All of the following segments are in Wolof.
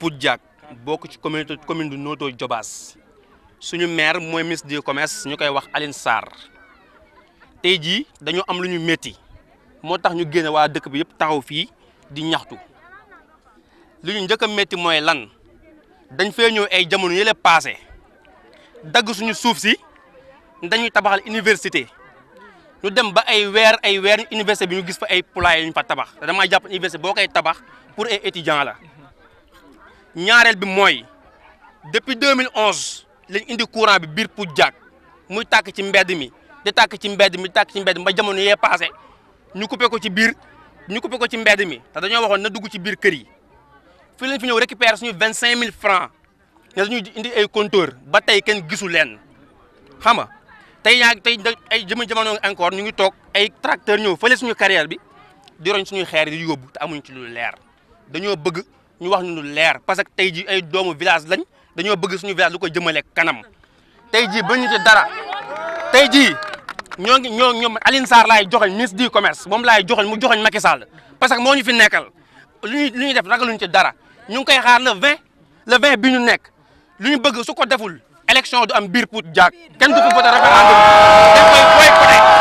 Pouddiack bokk ci commune commune du Notto Diobass suñu maire mooy ministre de commerce ñu koy wax Aline Sarr tey jii dañoo am lu ñu métti moo tax ñu génne waa dëkk bi yëpp taxaw fii di ñaxtu li ñu njëkk a métti mooy lan dañ fee ñëw ay jamono yële passé dagg suñu suuf si dañuy tabaxal université ñu dem ba ay weer ay weer université bi ñu gis fa ay poulailler ñu fa tabax te damaa jàpp université boo koy tabax pour ay étudiants la. ñaareel bi mooy depuis mille 2011 lañ indi courant bi biir Pout Diack muy tàkk ci mbedd mi di tàkk ci mbedd mi di tàkk ci mbedd mi ba jamono yee passé ñu coupé ko ci biir ñu coupé ko ci mbedd mi te dañoo waxoon na dugg ci biir kër yi fii lañ fi ñëw récupérer suñu vingt cinq mille francs ne dañuy indi ay compteur ba tey kenn gisu leen xama tey yaa tey ay jëma jamono encore ñu ngi toog ay tracteur ñëw fële suñu carrière bi di roñ suñuy xeer yi di yóbbu te amuñ ci lu leer dañoo bëgg ñu wax ñu leer parce que tey jii ay doomu village lañ dañoo bëgg suñu village lu ko jëmale kanam tey jii ba ñu ci dara tey jii ñoo ngi ñoo ñoom Alioune Sarr laay joxoñ ministre du commerce moom laay joxoñ mu joxoñ Macky Sall parce que moo ñu fi nekkal lu ñuy def ñuy def ragaluñ ci dara ñu ngi koy xaar le 20 le 20 bi ñu nekk lu ñu bëgg su ko deful élection du am biir Pout Diack kenn du fi voté référendum dañ koy boycotté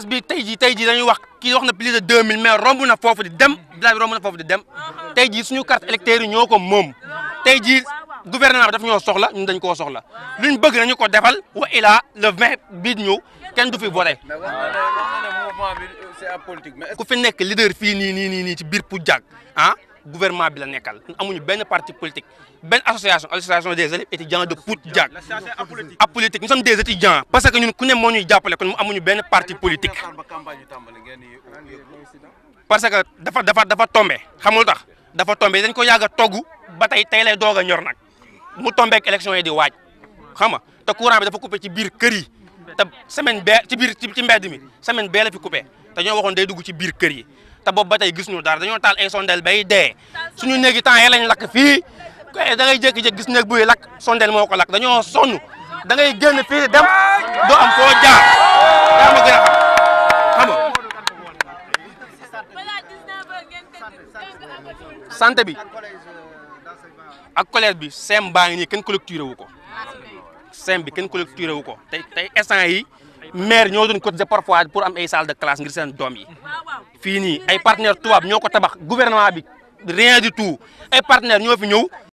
village bi tey jii tey jii dañuy wax kii wax na plus de 2000 mais romb na foofu di dem village bi romb na foofu di dem tey jii suñu carte électeur yi ñoo ko moom tey jii gouvernement daf ñoo soxla ñun dañ koo soxla luñ bëgg nañu ko defal wa ilaa le 20 bii di ñëw kenn du fi voté. ku fi nekk leader fii nii nii nii nii ci biir Pout Diack ah. gouvernement bi la nekkal amuñu benn parti politique benn association association des élèves étudiants de Pout-Diack apolitique nous sommes des étudiants parce que ñun ku ne moo ñuy jàppale kon amuñu benn parti politique parce que dafa dafa dafa tombé xamul tax dafa tombe dañ ko yàgg a togg ba tey tey lay doog a ñor nag mu tombé ak élection yi di waaj xam nga te courant bi dafa coupé ci biir kër yi semaine bee ci biir ci mbedd mi semaine bee la fi coupé te ñoo waxoon day dugg ci biir kër yi te boobu ba tey gisuñu dara dañoo taal ay sondeel bay dee suñu néegi temps yi lañ lakk fii da ngay jékki-jékki gis néeg buy lakk sondeel moo ko lakk dañoo sonn da ngay génn fii dem doo am koo yaa ma gën a xam nga santé bi ak collège bi sem baa ngi nii kenn collecturé wu ko sem bi kenn collecturé wu ko tey tey instant yi maire ñoo doon cotiser parfois pour am ay salle de classe ngir seen doom yi fii nii ay partenaires tubaab ñoo ko tabax gouvernement bi rien du tout ay partenaires ñoo fi ñëw